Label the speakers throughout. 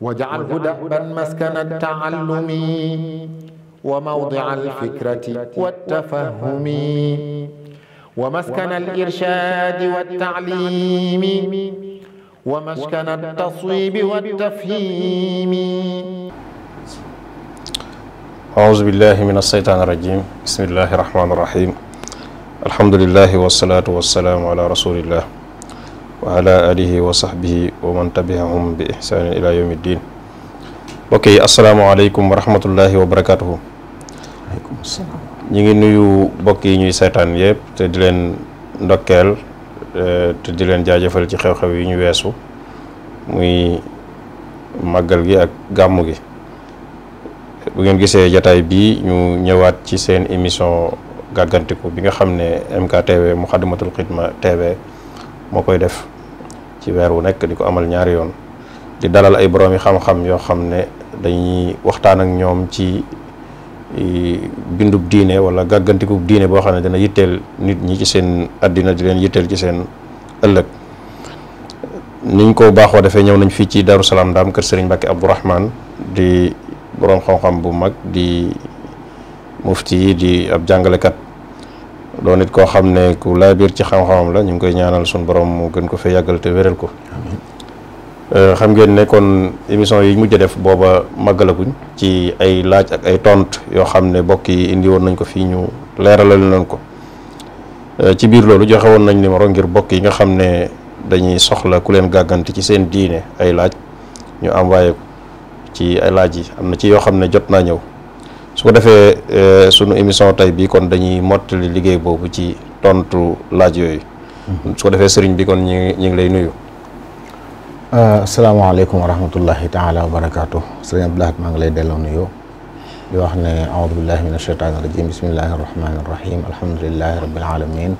Speaker 1: واجعله دأبا مسكن التعلم وموضع الفكرة والتفهم ومسكن الإرشاد والتعليم ومسكن التصويب والتفهيم
Speaker 2: أعوذ بالله من الشيطان الرجيم بسم الله الرحمن الرحيم الحمد لله والصلاة والسلام على رسول الله wa ala alihi wa sahbihi bi ihsaanin ila yawmi ddin mbokk yi asalaamaaleykum wa rahmatullahi wa barakatuhu ñi ngi nuyu mbokk yi ñuy seetaan yëpp te di leen ndokkeel e, te di leen jaajëfal ci xew-xew yi ñu weesu muy màggal gi ak gàmmu gi bu ngeen gisee jataay bii ñu ñëwaat ci seen émission gàggantiku bi nga xam ne MKTV Muxaddamatul Xidma TV moo koy def ci weer wu nekk di ko amal ñaari yoon di dalal ay boroomi xam-xam yoo xam ne dañuy waxtaan ak ñoom ci bindub diine wala gàggantikub diine boo xam ne dina yitteel nit ñi ci seen àddina di leen yitteel ci seen ëllëg niñ ko baaxoo defee ñëw nañ fii ci Darou Salaam Ndaam kër Serigne Mbacke Abdourahman di boroom xam-xam bu mag di mufti yi di ab jàngalekat doon it koo xam ne ku laa biir ci xam-xamam la ñu ngi koy ñaanal suñu borom mu gën ko fee yàggal te wéral ko euh, xam ngeen ne kon émission yi mujj def booba màggalaguñ ci ay laaj ak ay tont yoo xam ne mbokk yi indi woon nañ ko fii ñu leeralal nañ ko euh, ci biir loolu joxe woon nañ numéro ngir mbokk yi nga xam ne dañuy soxla ku leen gàggante ci seen diine ay laaj ñu envoyé ci ay laaj yi am na ci yoo xam ne jot naa ñëw su ko defee euh, sunu émission tey bi kon dañuy mottali liggéey boobu ci tontu laaj yooyu mhm. su ko defee sëriñ bi kon ñi ñu ngi lay nuyu
Speaker 1: euh, asalaamaaleykum wa rahmatullahi taala wa barakaatu sëriñ Abdoulahat maa ngi lay delloo nuyoo di wax ne a aoudu billahi min asheytaani irajim bismillahi arrahmani irrahim alhamdulilahi rabbil alamin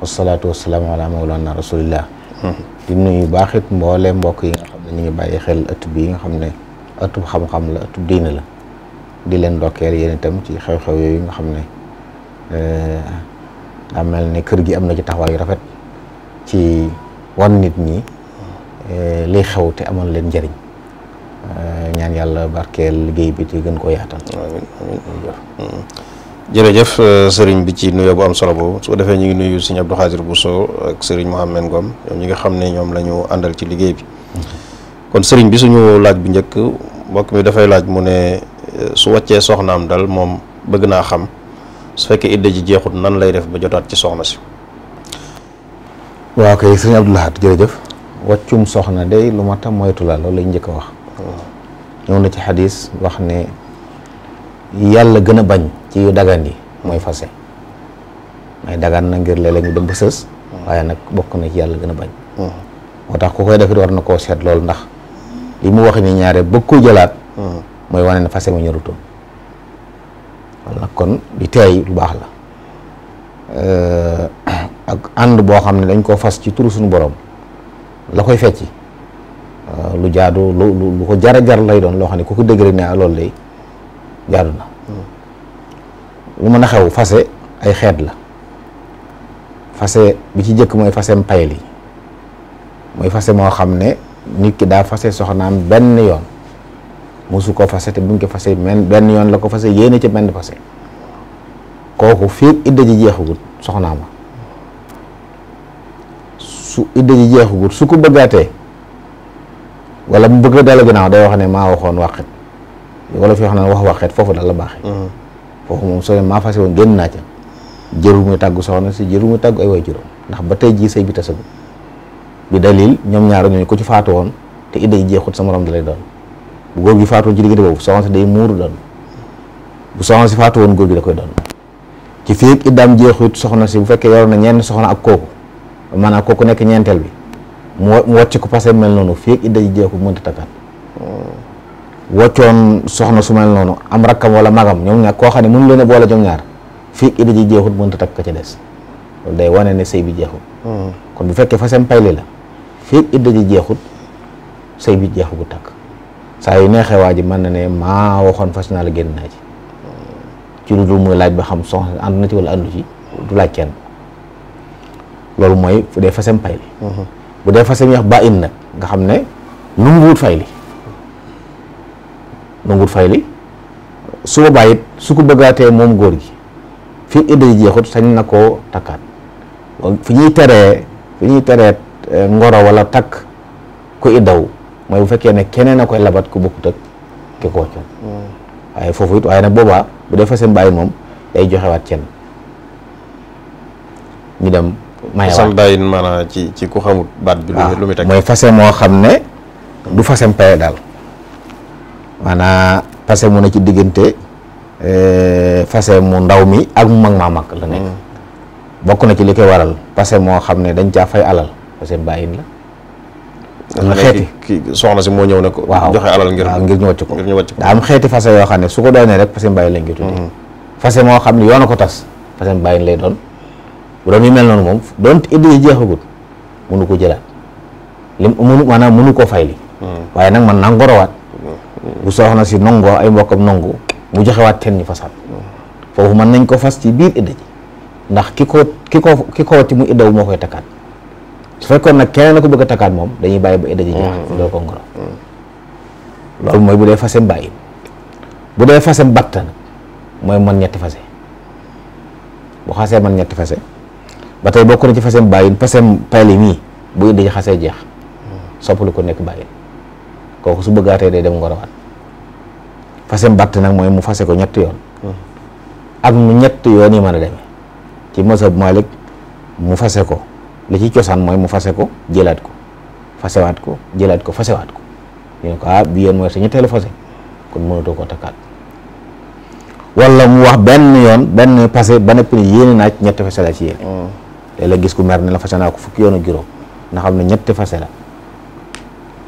Speaker 1: wasalaatu wasalaamu ala mawlana rasulillah mhm. di nuyu baax it mboole mbokk yi nga xam ne ñu ngi bàyyi xel ëtt yi nga xam ne ëttub xam-xam la la di leen ndokkeel yéen itam ci xew-xew yooyu nga xam ne eh, daa mel ne kër gi am na ci taxawaay yu rafet ci wan nit ñi eh, liy xew te amoon leen njariñ eh, ñaan yàlla barkeel liggéey bi te gën koo yaatal. amiin
Speaker 2: amiin sëriñ bi ci nuyoo bu am solo boobu su ko defee ñu ngi nuyu sëriñ Abdou Khadir Bousso ak sëriñ Mouhamed Ngom ñoom ñi nga xam ne ñoom lañu àndal ci liggéey bi. Mm-hmm. kon sëriñ bi suñu laaj bu njëkk mbokk mi dafay laaj mu ne. su wàccee soxnaam dal moom bëgg naa xam su fekkee idda ji jeexut nan lay def ba jotaat ci soxna si.
Speaker 1: waaw kay sëñ Abdou Lahad jërëjëf. wàccum soxna day lu mat a moytu la loolu lañ njëkk wax. Hmm. ñëw na ci xadis wax ne yàlla gën a bañ ci yu dagan yi mooy hmm. fase may dagan na ngir léeg-léeg ñu dem hmm. waaye nag bokk na ci yàlla gën a bañ. moo tax ku koy def war na koo seet loolu ndax li mu wax ni ñaare bëgg ko jëlaat. mooy wane na fase mu ñorutoon wala nag kon di teey lu baax la ak ànd boo xam ne dañ koo fas ci turu suñu borom la koy fecc lu jaadu lu lu ko jara jar lay doon loo xam ne ku ko dégg rek ne ah loolu lay jaadu na lu mën a xew fase ay xeet la fase bi ci jëkk mooy fasem payel yi mooy fase moo xam ne nit ki daa fase soxnaam benn yoon mosu ko fase te buñ ko fase men benn yoon la ko fase yéene ca benn fase kooku fii idda ji jeexagul soxnaa ma su idda ji jeexagul su ko bëggaatee wala mu bëgg dala ginnaaw day wax ne maa waxoon wàqet wala fi wax na wax wàqet foofu dal la baaxee mm-hmm. foofu moom soo ne maa fase woon génn naa ca jërul muy tàggu soxna si jërul muy tàggu ay waay ndax ba tey jii sëy bi tasagul bi dalil ñoom ñaar ñooñu ko ci faatu woon te idda ji jeexut sa morom lay doon bu góor gi faatoo ci diggante boobu soxna si day muuru doon bu soxna si faatu woon góor gi da koy doon ci fii ak iddaam jeexut soxna si bu fekkee yor na ñenn soxna ak kooku maanaam kooku nekk ñeenteel bi mu wàcc ko passé mel noonu fii ak idda ji jeexut mënta takkaat hmm. soxna su mel noonu am rakkam wala magam ñoom ñaar koo xam ne mënu leen a boole ñoom ñaar fii ak idda ji jeexut mënta takk ko ca des loolu day wane ne sëy bi jeexut hmm. kon bu fekkee fa fasem payli la fii ak idda ji jeexut sëy bi jeexagu takk saa yu neexee waa ji mën na ne maa waxoon fas naa la génn naa ci ci lu dul muy laaj ba xam soxna ànd na ci wala àndu ci du laaj kenn loolu mooy bu dee fasem pay li mhm. bu dee fasem yax ba in nag nga xam ne nanguwut fay li nanguwut fay li su boobaa it su ko bëggaatee moom góor gi fii idda ji jeexut sañ na koo takkaat fi ñuy teree fi ñuy teree eh, ngoro wala takk ku iddaw mooy bu fekkee ne keneen a koy labat ko wàccoon mm. waaye foofu it waaye boobaa bu dee fasen bàyyi moom day joxewaat ñu dem mayewaat
Speaker 2: fasen ci ci ku baat bi ah, lu muy teg mooy
Speaker 1: fasen moo xam ne du fasen paye daal maanaa fasen mu ne ci diggante eh, fasen mu ndaw mi ak mu mag maa mag la nekk mm. bokk na ci li koy waral fasen moo xam ne dañ caa fay alal fasen bàyyin la la xeeti ki soxna si moo ñëw ne ko. waaw joxe alal ngir ngir ñu wàcc ko ngir ñu wàcc ko daa am xeeti fase yoo xam ne su ko doonee rek fase bàyyi lañ koy tuddee mm-hmm. fase moo xam ne yoon a ko tas fase bàyyi lay doon bu doon yu mel noonu moom doon iddi yi jeexagut mënu ko jëlaat lim mënu maanaam koo fay li mm-hmm. waaye nag man naa ngorowaat
Speaker 2: mm-hmm.
Speaker 1: bu soxna si nongoo ay mbokkam nongu mu joxewaat ten ñu fasaat foofu mën nañ ko fas ci biir idda ji ndax ki ko ki ko ki ko ti mu iddaw moo koy takkaat su fekkoon nag keneen na ko bëgg takkaat moom dañuy bàyyi ba idda ji jeex mm-hmm. doo mm-hmm. loolu mooy bu dee fase bàyyi bu dee fase batta nag mooy man ñetti fase bu xasee man ñetti fase ba tey bokk na ci fasem bàyyin fasem payli mii bu idda xasee jeex mm-hmm. soppalu ko nekk bàyyin kooku su bëggaatee day dem ngorowaat fasem batt nag mooy mu fase ko ñett yoon ak mu ñett yoon yi mën a demee ci mazhab Malik mu fase ko la ci cosaan mooy mu fase ko jëlaat ko fasewaat ko jëlaat ko fasewaat ko ñu ne ko ah bi yoon mooy sa ñetteelu fase kon mënatoo koo takkaat wala mu wax benn yoon benn passé ba noppi ne yéene naa ñetti fase la ci yéene mm. léeg gis ku mer ni la fase naa ko fukki yoonu ak juróom na xam ne ñetti fase la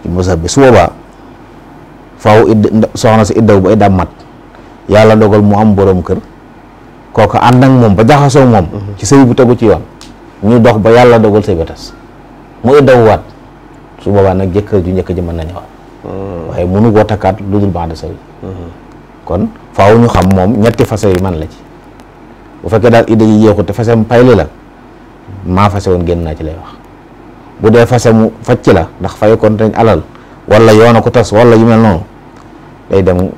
Speaker 1: ci mosab bi su boobaa faaw idd soxna si iddaw ba iddaam mat yàlla dogal mu am boroom kër kooku ànd ak moom ba jaxasoo moom mm-hmm. ci sëy bu tegu ci yoon ñu dox ba yàlla dogal sëy ba tas mu iddawuwaat su boobaa nag jëkkër ju njëkk ji mën na ñëwaat mm. waaye mënu koo lu dul baax de sawi mm-hmm. kon faaw ñu xam moom ñetti fase yi man la ci bu fekkee daal idée yi yéexu te fase mu payli la maa fase woon génn naa ci lay wax bu dee fase mu ci la ndax fay kon dañ alal wala yoona ko tas wala yu mel noonu day dem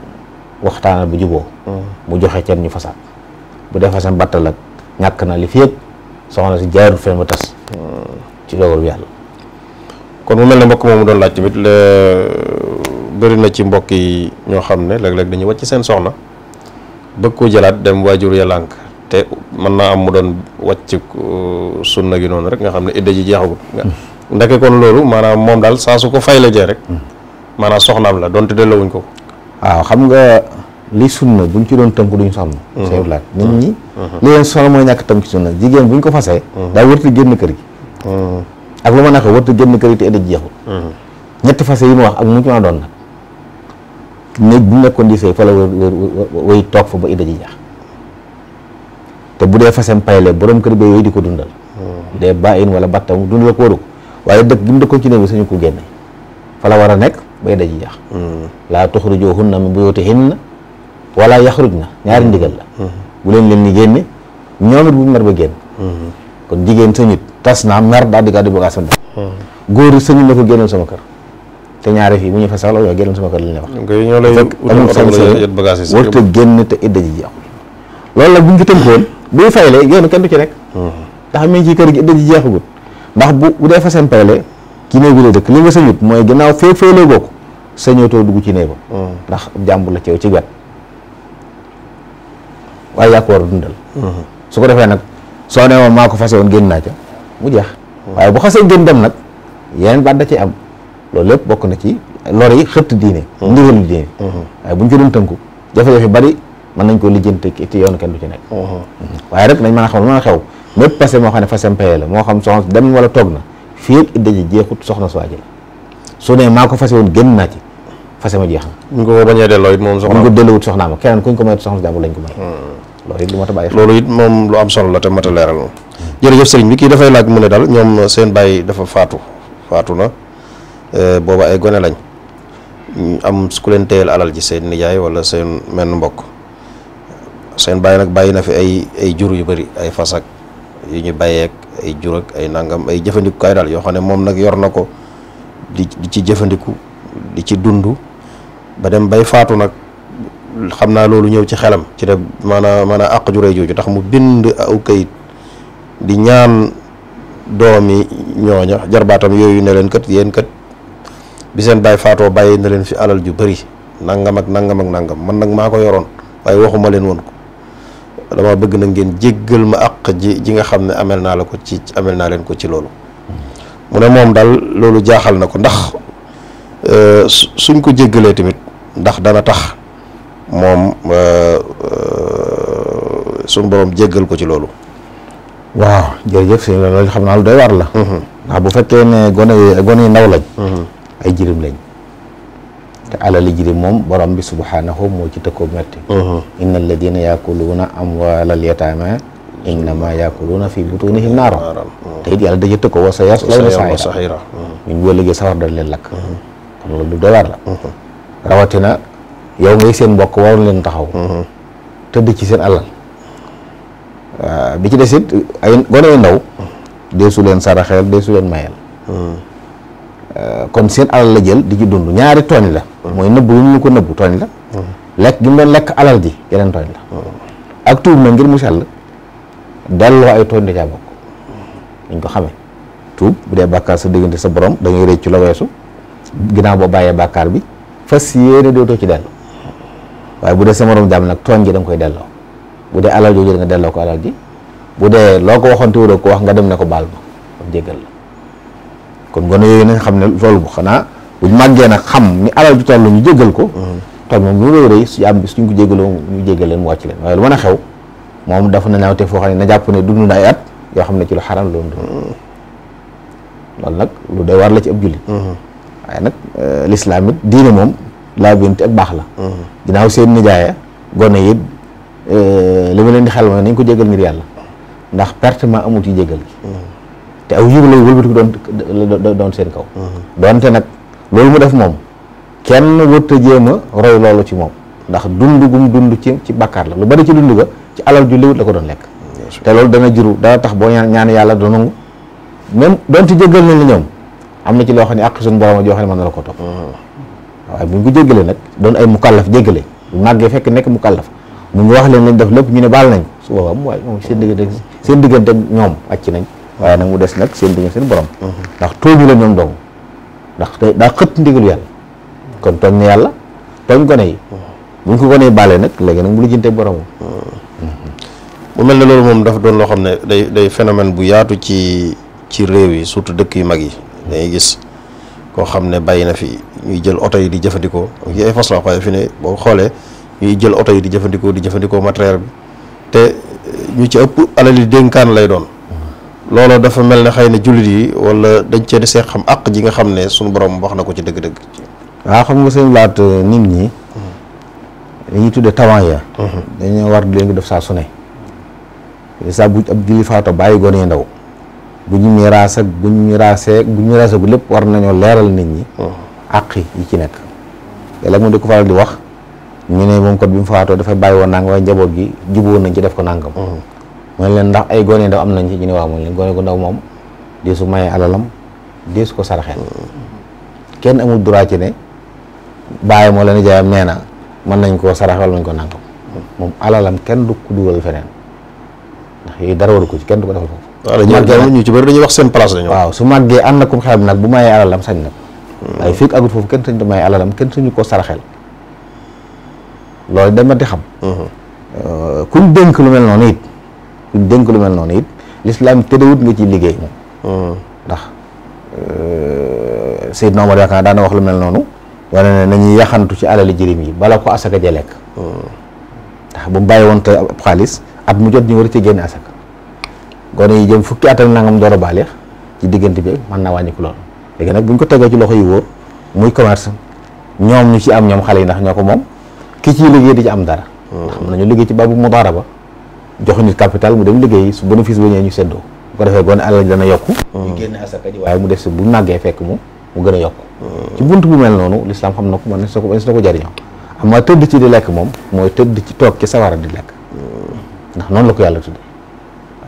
Speaker 1: waxtaanal bu juboo mm. mu joxe ceen ñu fasaat bu dee fase mu battal ak ñàkk na li fi yëpp soxna si jaarul fen ba tas ci dogal bi yàlla kon mu mel ne mbokk moom moomu doon laaj tamit la
Speaker 2: bëri na ci mbokk yi ñoo xam ne léeg-léeg dañuy wacc seen soxna bëgg koo jëlaat dem waajur ya lànk te mën naa am mu doon wàcc uh, sunna gi noonu rek nga xam ne idda ji jeexagut mm. ndeke kon loolu maanaam moom daal saa su ko fay la jee rek mm. maanaam soxnaam
Speaker 1: la donte dellowuñ ko waaw xam nga li sunna buñ ci doon tënk duñu sonn mhm. seen laaj nit mhm. ñi
Speaker 2: mhm. li leen
Speaker 1: sonn mooy ñàkk tënk ci sunna jigéen buñ ko fasee daa warta génn kër gi ak lu ma naka warta génn kër gi te idda
Speaker 2: jeexul
Speaker 1: yi ma wax ak mu ci ma doon nag bu nekkoon di sëy fa la way toog fa ba idda ji jeex te bu dee fasem payle borom kër bee yooyu di ko dundal dee bà in wala battam dundal ko waru ko waaye dëkk bi mu dëkkoon ci néeg bi suñu ko génne fa la war a nekk ba idda ji jeex laa tuxrijoohunna min buyuutihinna wala yaxruj na ñaari mm-hmm. ndigal la mm-hmm. bu leen leen ni génne ñoom it bu mer ba génn mm-hmm. kon jigéen sañut tas naa mer daal di gàddu bagaasam dem góor sañut na ko génnal sama kër te ñaare fii bu ñu fa sax la yow génnal sama kër li ñu wax ñoo lay amul sañ-sañ warta génn te idda ji jeexul loolu nag bu ñu ko buy fayle yoonu kenn du ci nekk ndax mi ngi ci kër gi idda ji jeexagut ndax bu bu dee fa seen payle ci néeg bi lay dëkk li nga sañut mooy ginnaaw fee fee lay bokk sañootoo dugg ci néeg ba ndax jàmbur la ci ci wet waaye yaa ko war a dundal. su ko defee nag soo nee woon maa ko fase woon génn naa ca mu jeex. waaye bu xasee génn dem nag yeneen baat da ci am loolu lépp bokk na ci lor yi xëtt diine. ndigalu diine. waaye bu ñu ci doon tënku jafe-jafe bari mën nañ ko lijjanti ci yoonu kenn du ci nekk. waaye rek nañ mën a xam lu mën a xew mépp passé moo xam ne fasem paye la moo xam soxna dem wala toog na fii ak idda ji jeexut soxna su waaji la su ne maa ko fase woon génn naa ci fase ma jeex na.
Speaker 2: ñu ko bañee delloo it moom soxnaam. ñu ko delloowut soxnaam
Speaker 1: keneen kuñ ko mayut soxna si jàmbur lañ ko may. loolu it lu mat it
Speaker 2: moom lu am solo la te mat a sëriñ bi kii dafay laaj mu ne daal ñoom seen bàyyi dafa faatu faatu na eh, booba ay gone lañ am ku leen téyel alal ji seen nijaay wala seen menn mbokk seen bàyyi nag bàyyi na fi ay ay jur yu bari ay fasag ak yu ñu bàyyeek ay jur ak ay nangam ay jëfandikukaay daal yoo xam ne moom nag yor na ko di ci jëfandiku di ci dund ba dem bay faatu nag xam naa loolu ñëw ci xelam ci def maanaam maanaam àq ju rëy jooju tax mu bind aw kayit di ñaan doomi ñooña jarbaatam yooyu ne leen kat yéen kat bi seen baay faatoo bàyyi na leen fi alal ju bari nangam ak nangam ak nangam man nag maa ko yoroon waaye waxuma leen woon ko dama bëgg na ngeen jéggal ma àq ji ji nga xam ne ameel naa la ko ci amel naa leen ko ci loolu mu ne moom daal loolu jaaxal na ko ndax euh, suñ ko jéggalee tamit ndax dana tax moom euh, euh,
Speaker 1: suñu borom jéggal ko ci loolu. waaw jërëjëf si loolu xam naa lu doy war la. Mhm. bu fekkee ne gone yi gone yi ndaw lañ. Mhm. ay jirim lañ. te alali jirim moom borom bi subhaanahu moo ci tëkkoo metti. Mhm. inna alladina yaakuluuna amwaalal yataama innama yaakuluuna fi butunihim naara. te it yàlla daje tëkkoo wa sa yaslawna saxiira. ñu ngi wëlëgee sawar dañ leen lakk. la. rawatina. yow ngay seen mbokk waroon leen taxaw. Mhm. tëdd ci seen alal ah, bi ci des it ay gone yu ndaw deesu leen saraxeel deesu leen mayel. Mhm. Ah, kon seen alal la jël di ci dund ñaari tooñ la. Mhm. mooy nëbb lu ñu ko nëbb tooñ la. lekk gi mu doon lekk alal ji yeneen tooñ la. ak tuub na ngir mu sell delloo ay tooñ da caa bokk. dañ ko xamee tuub bu dee bàkkaar sa diggante sa borom da ngay rëcc la weesu ginnaaw boo bàyyee bàkkaar bi fas yéene dootoo ci dellu. waaye bu dee sa morom jaam nag tooñ ji da nga koy delloo bu dee alal jooju da nga delloo ko alal ji bu dee loo ko waxoon te ko wax nga dem ne ko baal ma kon jéggal la kon gone yooyu nañ xam ne loolu bu xanaa buñ màggee nag xam ni alal ju toll ñu jéggal ko tooñ moom lu lay rëy su am bis suñ ko jéggaloo ñu jéggal leen mu wàcc leen waaye lu mën a xew moom dafa na ñaawte foo xam ne na jàpp ne dund na ay at yoo xam ne ci lu xaram loolu dund loolu nag lu doy war ci ab jullit mm-hmm. waaye nag euh, lislaam it diine moom laabinti ak baax la. dinaa mm-hmm. seen nijaaya gone yi eh, li ma leen di xel ma dañ ko jégal ngir yàlla ndax pertement amul ci jégal gi. Mm-hmm. te aw yiw lay wëlbatiku doon doon seen kaw. Mm-hmm. doonte nag loolu mu def moom kenn wëtt a jéem a roy loolu ci moom ndax dund gum dund ci ci bàkkaar la lu bari ci dund ga ci alal ju liwut la ko doon lekk. te loolu dana juru dana tax boo ñaan ñaan yàlla du nangu même doonte jégal nañ la ñoom am na ci loo xam ne àq suñu borom a joo xam ne n la ko topp. waaye bu ñu ko jéggalee nag doon ay mukallaf jéggale bu màggee fekk nekk mukallaf mu ngi wax leen lañ def lépp ñu ne baal nañ su boobaa mu waaye moom seen diggante seen diggante ñoom wàcc nañ waaye nag mu des nag seen diggante seen borom mhm. ndax tooñu la ñoom dong ndax te daa xëpp ndigalu yàlla kon tooñ na yàlla tooñ gone yi mhm. bu ñu ko gonee baalee nag léegi nag mu lijjante boromam mhm.
Speaker 2: mu mel ne loolu moom dafa doon loo xam ne day day phénomène bu yaatu ci ci réew yi surtout dëkk yu mag yi dañuy gis koo xam ne bàyyi na fi ñuy jël oto yi di jëfandikoo yi ay façon la waaye fi ne boo xoolee ñuy jël oto yi di jëfandikoo di jëfandikoo matériel bi te ñu ci ëpp alali dénkaan lay doon loolu dafa mel ne xëy na jullit yi wala dañ cee desee xam àq ji nga xam ne suñu borom wax na ko ci dëgg-dëgg
Speaker 1: waaw xam nga seen laat euh, nit ñi li mm-hmm. ñuy tuddee tawant ya mm-hmm. dañu war di leen def saa su ne saa bu ab julli faato bàyyi gone yi ndaw bu ñu miraas ak bu ñu miraasee bu ñu miraasee gu lépp war nañoo leeral nit ñi. Hmm. àq yi ci nekk. yàlla mu di ko faral di wax ñu ne moom kat bi mu faatoo dafay bàyyi woon nangam njaboot gi jubóo nañ ci def ko nangam. mooy hmm. leen ndax gone ndaw nañ ci ñu ne waaw mooy leen gone gu ndaw moom su mayee alalam dee su ko saraxeel. Hmm. kenn amul droit ci ne bàyyi moo leen jaayam nee na mën nañ koo saraxeel nañ ko nangam. moom alalam kenn du ko dugal feneen ndax yooyu dara waru ko ci kenn du ko defal foofu. waaw ñu ci bëri dañuy wax seen place waaw su màggee ànd na kum xelam nag bu mayee alalam sañ na ko. waaye fii agut foofu kenn sañ ko mayee alalam kenn suñu ko saraxel loolu dama di xam. Mhm. Euh, kuñ dënk lu mel noonu it kuñ lu mel noonu it lislaam tëdawut nga ci liggéey moom. Mhm. ndax euh, Seydina Omar yaakaar daana wax lu mel noonu. wane ne nañuy yaxantu ci alali jirim yi bala ko asaka ja lekk. Mhm. ndax bu mu bàyyi woon ab xaalis at mu jot ñu war a ci génne asaka. gone yi jëm fukki at ak nangam door a baaleex ci diggante bi mën naa wàññiku lool léegi nag bu ñu ko tegee ci loxo yu wóor muy commerce ñoom ñu ci am ñoom xale yi ndax ñoo ko moom ki ciy liggéey di ci am dara mm. ndax mën nañu liggéey ci baabu ba jox nit capital mu dem liggéey su bénéfice ba ñëwee ñu seddoo bu ko defee gone alal ji dana yokk mm. ñu génn waaye mu def si bu màggee fekk mu gën a yokk mm. ci bunt bu mel noonu lislaam xam na ko mën na ko mën na ko jariñoo amaa tëdd ci di lekk moom mooy tëdd ci toog ci sawara di lekk ndax noonu la ko yàlla tudde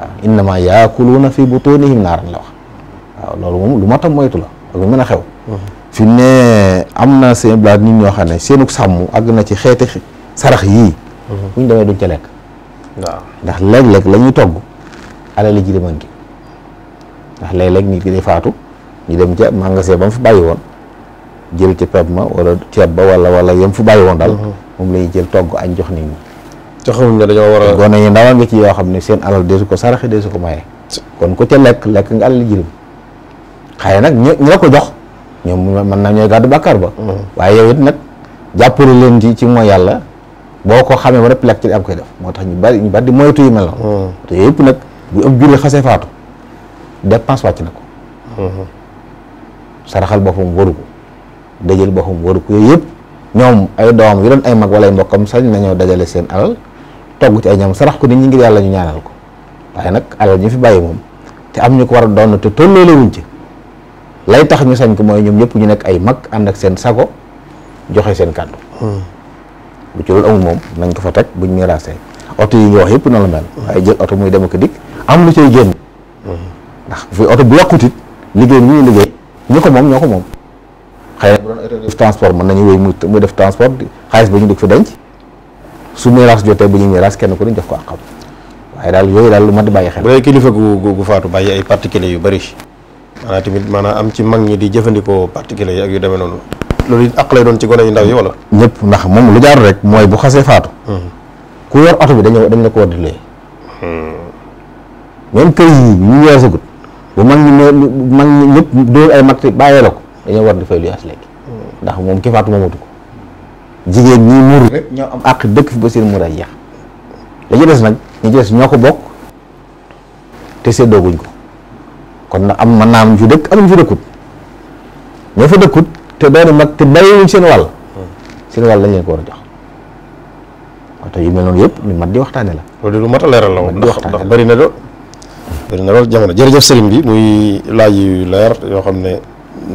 Speaker 1: waaw innama yaakuluuna fi butunihim naaran la wax waaw loolu moom lu mat a moytu la ak lu mën a xew fi mu ne am na seen blaat nit ñoo xam ne seenug sàmm àgg na ci xeeti sarax yii bu ñu demee duñ ca lekk waaw ndax léeg-léeg la ñuy togg alali ji liman gi ndax léeg-léeg nit ki day faatu ñu dem ca magasin ba mu fi bàyyi woon jël ca pep ma wala ceeb ba wala wala yam fi bàyyi woon dal mm-hmm. moom la ñuy jël togg añ jox nit ñi te xamuñ ne dañoo war a. gone yi ndaw a ngi ci yoo xam ne seen alal deesu ko saraxe deesu ko maye. kon ku ca lekk lekk nga alal jirim xëy nag ñu ñu ko jox ñoom mën na ñooy gàddu bàkkaar ba. Mm-hmm. waaye yow it nag jàppale leen ci ci mooy yàlla boo ko xamee ba lépp lekk ci am koy def moo tax ñu bari ñu bari di moytu yu mel noonu. Mm-hmm. te yëpp nag bu ëpp julli xasee faatu dépense wàcc na ko. Mm-hmm. saraxal boppam waru ko dajale boppam waru yooyu yëpp ñoom ay doom yu doon ay mag wala ay mbokkam nañoo dajale seen alal. togg ci ay ñam sarax ko nit ñi ngir yàlla ñu ñaanal ko waaye nag alal ñu fi bàyyi moom te am ñu ko war a doon te tolloole wuñ ci lay tax ñu sañ ko mooy ñoom ñëpp ñu nekk ay mag ànd seen sago joxe seen kàddu. Hmm. ci loolu moom nañ ko fa teg buñ miiraasee oto yi nga yëpp noonu la mel. Hmm. waaye oto muy dem ak dikk am lu cay génn. Hmm. ndax bu oto bu yokkut it liggéey bi liggéey ñu ko moom ñoo ko moom. xëy na bu doon oto def transport mën nañu wéy muy def transport xaalis ba ñu dikk fi ci su miraas jotee bu ñu miraas kenn ku ne jox ko àqam waaye daal yooyu daal lu mat bàyyi xel. bu dee kilifa gu gu faatu bàyyi ay particulier yu
Speaker 2: bëri maanaam tamit maanaa am ci mag ñi di jëfandikoo particulier yi ak yu demee noonu loolu it àq lay doon ci gone yu ndaw yi
Speaker 1: wala. ñëpp ndax moom lu jaar rek mooy bu xasee faatu. Hmm. ku yor oto bi dañu dañ la ko war di luye. même kër yi ñu weesagut bu mag ñi ne mag ñi ñëpp dóor ay mag te bàyyee la ko dañoo wa di fay luyaas léegi hmm. ndax moom ki faatu ko jigéen ñi muur ñoo am àq dëkk fi ba seen muuraay jeex la ci des nag ñu des ñoo ko bokk te séddooguñ ko kon nag am mën naa am ñu fi dëkk am ñu fi dëkkut fa dëkkut te doon mag te bàyyiwuñ seen wàll seen wàll lañ mel noonu yëpp lu mat di waxtaane la lu mat a leeral la woon na
Speaker 2: lool bëri na lool jërëjëf sëriñ bi muy laaj yu leer yoo xam ne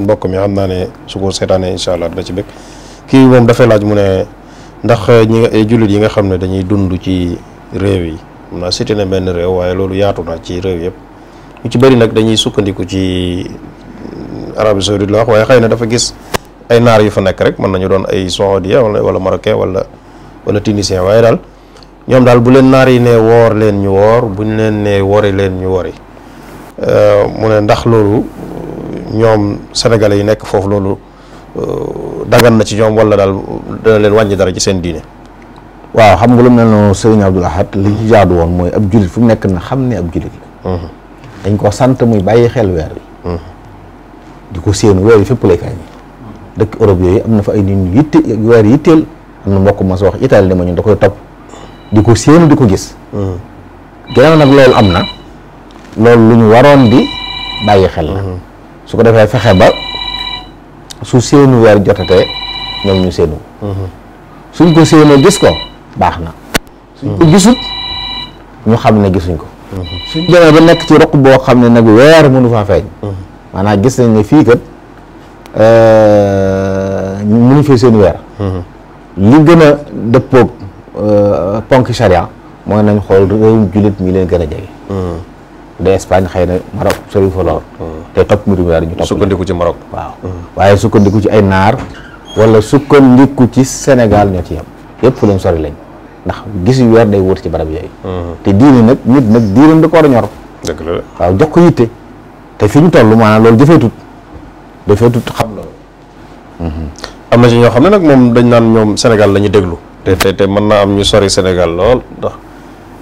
Speaker 2: mbokk mi xam naa ne su ko seetaanee incha allah dina ci bëgg kii moom dafay laaj mu ne ndax ñi nga jullit yi nga xam ne dañuy dund ci réew yi xam naa cité na benn réew waaye loolu yaatu na ci réew yëpp ñu ci bari nag dañuy sukkandiku ci Arabie Saoudite la wax waaye xëy na dafa gis ay naar yu fa nekk rek mën nañu doon ay saoudia wala wala marocain wala wala tunisien waaye daal ñoom daal bu leen naar yi ne woor leen ñu woor buñ leen ne wori leen ñu wori euh, mu ne ndax loolu ñoom sénégalais yi nekk foofu loolu Euh, dagan na ci ñoom wala daal dana leen wàññi dara ci seen diine
Speaker 1: waaw xam nga lu mel noonu sëriñ Abdul Ahad li ci jaadu woon mooy ab jullit fu mu nekk na xam ne ab jullit la mhm. dañ ko sant muy bàyyi xel weer mhm. di ko séenu weer yi fépp lay kaay dëkk Europe yooyu am na fa ay nit ñu yitte weer yitteel am na mbokk ma sa wax Italie ne ma ñun da koy topp di ko séenu di ko gis mhm. gannaaw nag loolu am na loolu lu ñu waroon di bàyyi xel la su ko defee fexe ba su seenu weer jotatee ñoom ñu seenu mhm. suñ ko séenoo gis ko baax na suñ ko mhm. gisut ñu xam ne gisuñ ko mhm. suñ demee ba nekk ci roq boo xam ne nag weer mënu faa feeñ maanaa gis nañ ne fii kat euh, mënu fee seen weer li gën a dëppoog euh, ponk charia mooy nañ xool réewum jullit mi leen gën a jege de Espagne xëy na Maroc sori fa lool. Ah. Ah. tey topp mbir mi daal ñu topp sukkandiku ci Maroc waaw. Ah. waaye sukkandiku ci ay naar wala sukkandiku ci senegal ñoo ci yem yëpp fu leen sori lañ ndax gis yu day wóor ci barab yooyu. te diine nag nit nag diiram da ko war a ñor. waaw jox ko yitte te fi ñu toll maanaam loolu jëfeetut jëfeetut xam loolu. Mhm. am na ci ñoo xam ne nag moom dañ
Speaker 2: naan ñoom senegal la déglu. te te te mën naa am ñu sori senegal lool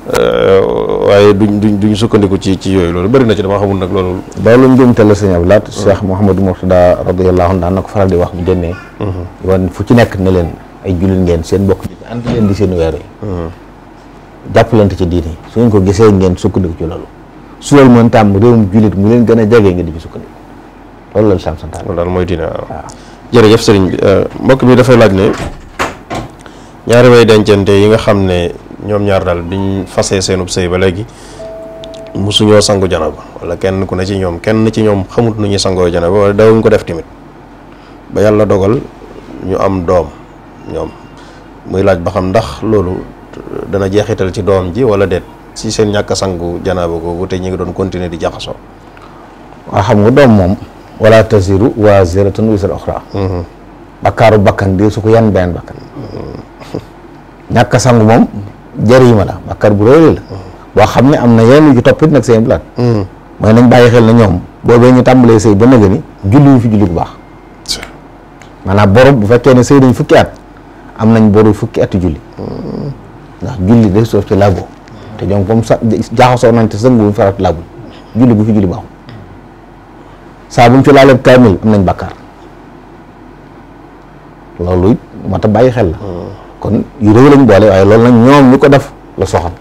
Speaker 2: Euh, waaye duñ duñ duñ sukkandiku ci ci yooyu loolu bëri na ci dama xamul nag loolu.
Speaker 1: loolu njuumte la sëñ Ablaat. Hmm. Cheikh Mouhamadou Mourtada radiyallahu anhu daan na ko faral di wax bu génnee. yoon hmm. fu ci leen ay jullit ngeen seen di seen weer yi. Hmm. jàppalante ci diini su ko gisee ngeen sukkandiku ci loolu su loolu mën tàmm réewum jullit mu leen a jege ngeen di ci sukkandiku loolu la lislaam santaane.
Speaker 2: loolu daal mooy diine waaw. jërëjëf bi euh, mbokk mi dafay laaj ne ñaari way dencante yi nga xam ne ñoom ñaar daal biñ fasee seenub sëy ba léegi musuñoo sangu janaba wala kenn ku ne ci ñoom kenn ci ñoom xamut nu ñuy sangoo janaba wala dawuñ ko def tamit ba yàlla dogal ñu am doom ñoom muy laaj ba xam ndax loolu dana jeexital ci doom ji wala déet si seen ñàkk sangu janaaba kooku te ñu ngi doon continuer di jaxasoo. waa xam nga doom moom.
Speaker 1: wala taziru waaziratun wizra uxra. Mhm. bakkaaru bakkan di su ko yan benn bakkan. Mhm. ñàkk sangu moom. jëriñu la bàkkaar bu rëy la boo xam ne am na yenn yu toppit nag seen blaat hmm. mooy nañ bàyyi xel na ñoom boobee ñu tàmbalee sëy ba nëga ni julliñu fi julli bu baax maanaam boru bu fekkee ne sëy nañ at am nañ boru fukki ati julli hmm. ndax julli day ci labo te ñoom comme sa jaaxasoo nañ te sënguuñ farat labul julli bu fi julli baaxul saa buñ fi laaleeb kaamil am nañ bàkkaar loolu it moo bàyyi xel la hmm. kon yu rëy lañ boole waaye loolu nag ñoom ñu ko def la soxal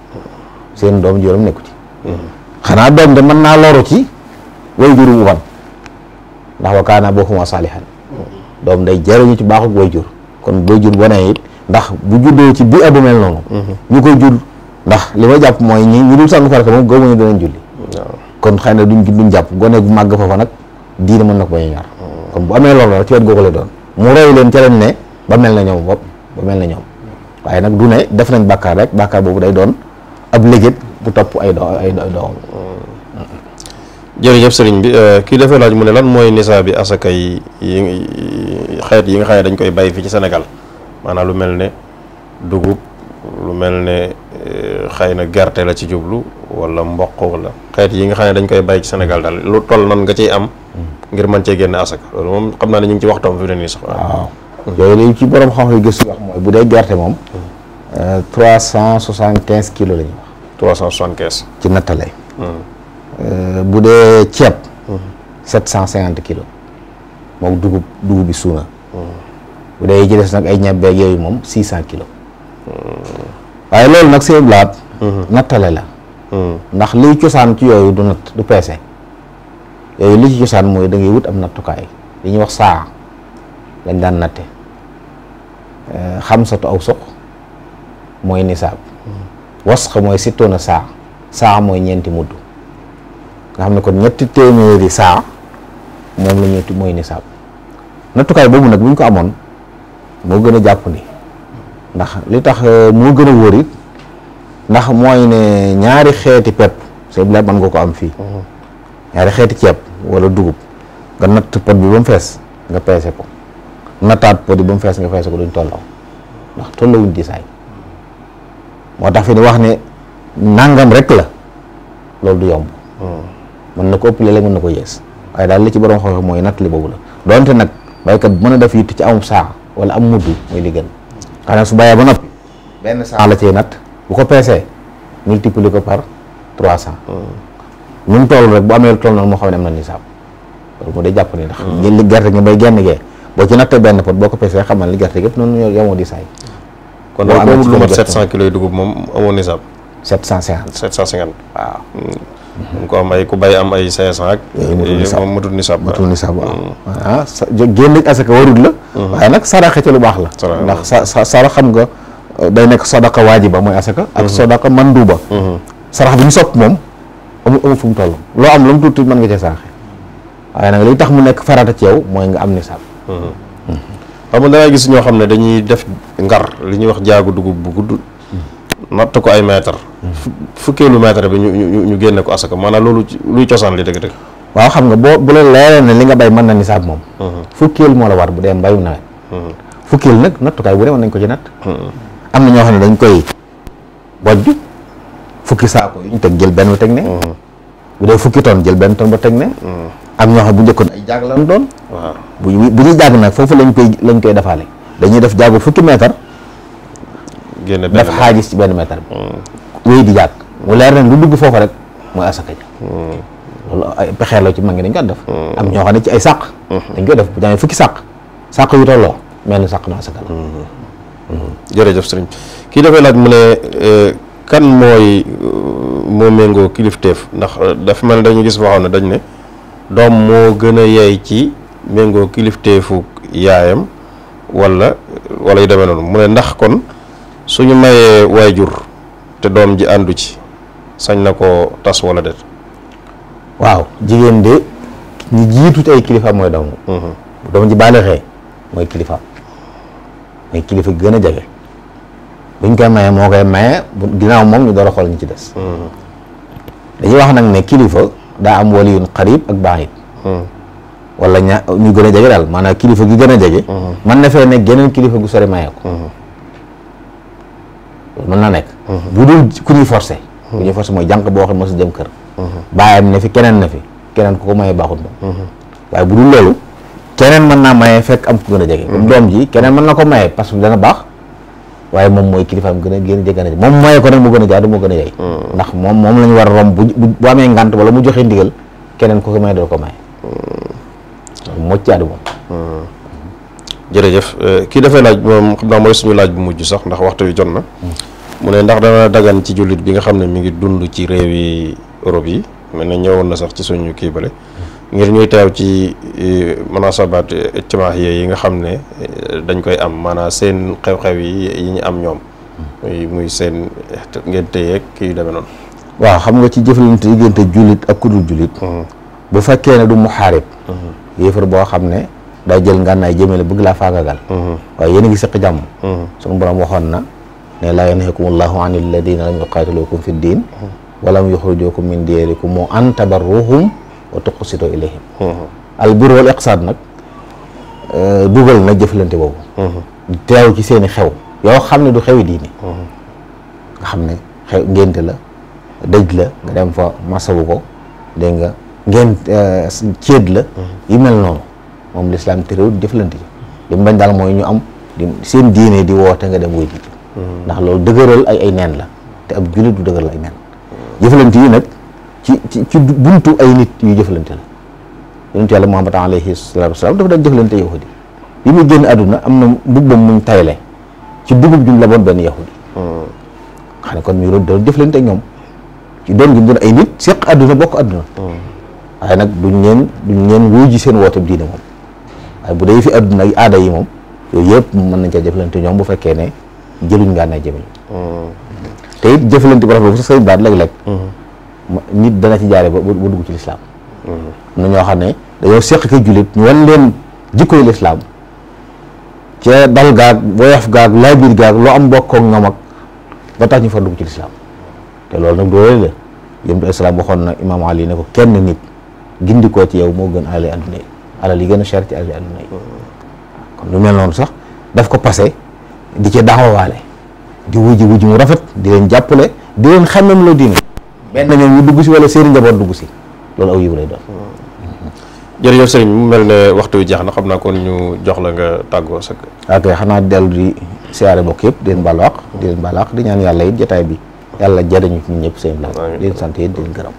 Speaker 1: seen doom juróom nekku ci xanaa doom de mën naa loru ci way jur bu ban ndax wa day jariñu ci baaxuk way jur kon way jur bonee it ndax bu juddoo ci bi abu mel noonu ñu koy jur ndax li ma jàpp mooy ñi ñu dul sàngu farata moom gëmuñu danañ julli kon xëy na duñ duñ jàpp gone gu màgg foofa nag diine mën na ko bañ a ñor mm. kon bu amee loolu rek ci wet googu doon mu roy leen ca leen ne ba mel na ñoom bopp ba mel na ñoom waaye nag du ne def nañ bàkkaar rek bàkkaar boobu day doon ab légét bu topp ay do ay doom
Speaker 2: jërëjëf sëriñ bi euh, kii dafay laaj mu ne lan mooy nisaa bi asaka yi xeet yi nga xam ne dañ koy bàyyi fii ci Sénégal maanaam lu mel ne dugub lu mel ne euh, xëy na gerte la ci jublu wala mboq wala xeet yi nga xam ne dañ koy bàyyi ci Sénégal daal lu toll nan nga ciy am ngir mën cee génn asaka loolu moom xam naa ne ñu ngi ci waxtoom fi ne nii sax waaw
Speaker 1: ci borom xam yi gëstu wax mooy bu dee gerte moom Euh, trois cent soixante quinze kilos la ñu wax. trois cent soixante quinze. ci nattale. Hmm. Euh, bu dee ceeb. Hmm. sept cent cinquante kilos moom dugub dugub bi suuna. Hmm. bu dee yi ci des nag ay ñebbeeg yooyu moom six cent kilos. waaye loolu nag seen blaat. nattale la. ndax liy cosaan ci yooyu du natt du peese. yooyu li ci cosaan mooy da wut am nattukaay li ñuy wax saa lañ daan natte euh, xam satu aw soq. mooy nisaab wasq mooy sittoona saa saa mooy ñeenti mudd nga xam ne kon ñetti téeméeri saa moom la ñuy mooy nisaab nattukaay boobu nag bu ñu ko amoon moo gën a jàpp ni ndax li tax euh, moo gën a wóor ndax mooy ne ñaari xeeti pepp soo bilaat mën nga ko am fii mhm. ñaari xeeti ceeb wala dugub nga natt pot bi ba mu fees nga peese ko nattaat pot bi ba mu fees nga peese ko duñ tollaw ndax tollawuñ di saay moo tax fi ni wax ne nangam rek la loolu du yomb. Hmm. mën na ko ëpp léeg-léeg mën na ko yées waaye daal li ci borom xam-xam mooy natt li boobu la donte nag baykat bi mën a def yitt ci amub saa wala am mudd mooy li gën. xanaa su bàyyee ba noppi benn saa la cee natt bu ko peesee multiplier ko par trois cent. Hmm. nu mu toll rek bu amee lu toll noonu moo xam ne am na nisaab loolu moo day jàpp ni ndax. Hmm. li gerte gi bay genn gee boo ci nattee benn pot boo ko peesee xam na li gerte gi yëpp noonu yow moo kon loolu boobu lu mat 700
Speaker 2: kilos yu dugub moom amoon nisaab.
Speaker 1: 750
Speaker 2: 750 waaw. mu ko am ay ku bay am ay 500 ak. Eh, moom matul nisaab
Speaker 1: matul nisaab waaw. Mm. ah sa génn asaka warut la. Mm-hmm. waaye nag saraxe ca lu baax la. ndax sa sa sarax xam nga eh, day nekk sadaqa waajiba mooy asaka. ak mm-hmm. sadaqa manduuba. Mm-hmm. sarax bi ñu sopp moom amul amul fu mu toll. loo am lu mu tuuti mën nga cee saraxe waaye nag li tax mu nekk farata ceew yow mooy nga am nisaab. xam nga dangay gis ñoo xam ne dañuy def
Speaker 2: ngar li ñuy wax jaagu dugub bu gudd natt ko ay mètre fukkeelu
Speaker 1: mètre bi ñu ñu génne ko asaka maanaam loolu luy cosaan li dëgg-dëgg waaw xam nga boo bu la leeree ne li nga bay mën na nisaab moom mhm. fukkeel moo la war bu dee mbayum nawet mhm. fukkeel nag nattukaay bu ne mën nañ ko ci natt mhm. am na ñoo xam ne dañ koy bi fukki saako yu ñu teg jël benn ba teg ne bu dee fukki ton jël benn ton ba teg ne am ñoo xam bu njëkkoon ay jaag bu bu ñuy jaag nag foofu lañ koy lañ koy defaale. dañuy def jaagu fukki mètre. génn benn def xaajis ci benn mètre bi. Hmm. wéy di jaag mu leer na lu dugg foofu rek mooy asaka ja hmm. loolu ay pexe la ci mag ngi dañ ko def. Hmm. am ñoo xam ne ci ay sàq. dañ koy def bu ñu fukki sàq. sàq yu tolloo mel ni sàq na asaka
Speaker 2: la. kii dafay laaj mu ne euh, kan mooy euh, moo méngoo kilifteef ndax euh, dafa mel ne dañu gis waxoon ne dañ ne. doom moo gën a yey ci méngoo kilifteefu yaayam wala wala yu demee noonu mu ne ndax kon suñu mayee waajur te doom ji àndu ci
Speaker 1: sañ na ko tas wala déet waaw jigéen de ñi jiitu ay kilifaam mooy doom mhm. doom ji baalixee mooy kilifaam mooy kilifa gën a jege buñ koy maye moo koy maye ginnaaw moom ñu door a xool ñu ci des mhm. dañuy wax nag ne kilifa daa am waliyun qarib ak baid walla ña ñu gën a jege daal maanaam kilifa gi gën a jege man na fee ne geneen kilifa gu sori mayee ko na nekk bu dul ku ñuy forcé ku ñuy forcé mooy jànq boo xam ne mosu dem kër bàyyam ne fi keneen na fi keneen ku ko mayee baaxut ba waaye bu dul loolu keneen mën naa mayee fekk am ku gën a jege comme doom ji keneen mën na ko mayee parce que dana baax waaye moom mooy kilifaam gën a gën a jéggaane moom mooy ko nag mu gën a jaadu moo gën a yey mm. ndax moom moom la ñu war a romb bu amee ngànt wala mu joxe ndigal keneen ko may doo ko may mm. mocc
Speaker 2: mm. jërëjëf euh, kii dafay laaj naa mooy suñu laaj bu mujj sax ndax waxtu wi jot na mu ne ndax dana dagan ci jullit bi nga xam ne mi ngi dund ci réew yi Europe yi mel na ñëwoon na sax ci suñu kii bale ngir ñuy teew ci e, munasabaat e, ijtimaax yi nga xam ne e, dañ koy am maanaam seen xew-xew yi yi ñu am ñoom muy seen ngénte yeeg kii demee noonu
Speaker 1: waaw xam nga ci jëflante diggante jullit ak kudul jullit hmm. bu fekkee ne du muxaarib hmm. yéefar boo xam ne daa jël ngànnaay jëmale bëgg laa faagagal hmm. waaye yéen a ngi seq jàmm suñu borom waxoon na ne laa yanhaakum allahu an alladina lam yuqaatilukum fi ddin walam yuxrijukum min diyarikum moo an tabarruhum wa tuqsitu ilayhim al bur wal iqsaad nag euh, dugal na jëflante boobu teew ci seeni xew yoo xam ne du xewi diine nga xam ne xew ngénte la dëj la nga dem fa masawu ko dégg nga ngeen euh, céet la yi mel noonu moom lislaam terewul jëflante ji li mu bañ daal mooy ñu am seen diine di woote nga dem wuy ji ndax loolu dëgëral ay ay neen la te ab jullit du dëgëral ay neen jëflante yi nag ci ci buntu ay nit yu jëflante la yonent yàlla Muhammad alayhi salaatu wasalaam dafa daan jëflante yahudi bi muy génn àdduna am na mbubbam muñ tayle ci dugub juñ la boon benn yahudi hmm. xam ne kon mi doon doon jëflante ak ñoom ci doon gi doon ay nit seq àdduna bokk àdduna hmm. waaye nag duñ leen duñ leen wuy ji seen woote diine moom waaye bu dee fi àdduna ay aada yi moom yooyu yëpp mën nañ caa jëflante ñoom bu fekkee ne jëluñ ngaa naa jëmiñ hmm. te it jëflante bu rafet bu sax sëñ baat léeg-léeg nit dana ci jaare ba ba dugg ci lislaam am na ñoo xam ne dañoo seq kay jullit ñu wan leen jikkoy lislaam ca dal gaag woyof gaag laabir gaag loo am bokkoog nga mag ba tax ñu fa dugg ci lislaam te loolu nag doole la yëm tu islaam waxoon na imaam ali ne ko kenn nit gindikoo ci yow moo gën alali adduna yi alal yi gën a cher ci alali adduna yi kon lu mel noonu sax daf ko passé di ci daawawaale di wujji wujji mu rafet di leen jàppale di leen xamem benn ñoom ñu dugg si wala seen njaboot dugg si loolu aw yiw lay doon. jërëjëf
Speaker 2: sëriñ mu mel ne waxtu wi jeex na xam naa kon ñu jox la nga tàggoo sa.
Speaker 1: ok xanaa dellu di siyaare bokk yëpp di leen baal di leen baal wax di yàlla it jotaay bi yàlla jariñu ci ñun leen sant it di leen gërëm.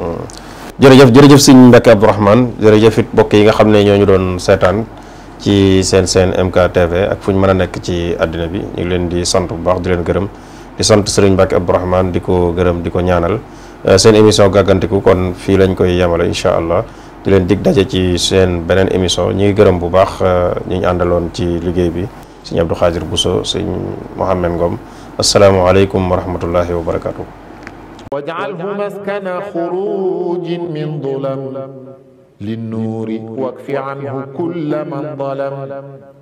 Speaker 1: jërëjëf jërëjëf sëriñ Mbacke Abdourahmane jërëjëf it bokk yi nga xam ne
Speaker 2: ñoo ñu doon seetaan ci seen seen MKTV ak fu ñu mën a nekk ci àddina bi ñu ngi leen di sant bu baax di leen gërëm di sant sëriñ Mbacke Abdourahmane di ko gërëm di ko ñaanal Euh, seen émission gàggantiku kon fii lañ koy yemale incha allah di leen dig daje ci seen beneen émission ñu gërëm bu baax euh, ñu àndaloon ci liggéey bi sëñ Abdou Khadir Bousso sëñ Mouhamed Ngom asalaamualeykum wa rahmatullahi wa barakatuh
Speaker 1: waj'alhu maskana xurujin min dulam linnuuri wakfi anhu kulla man dalam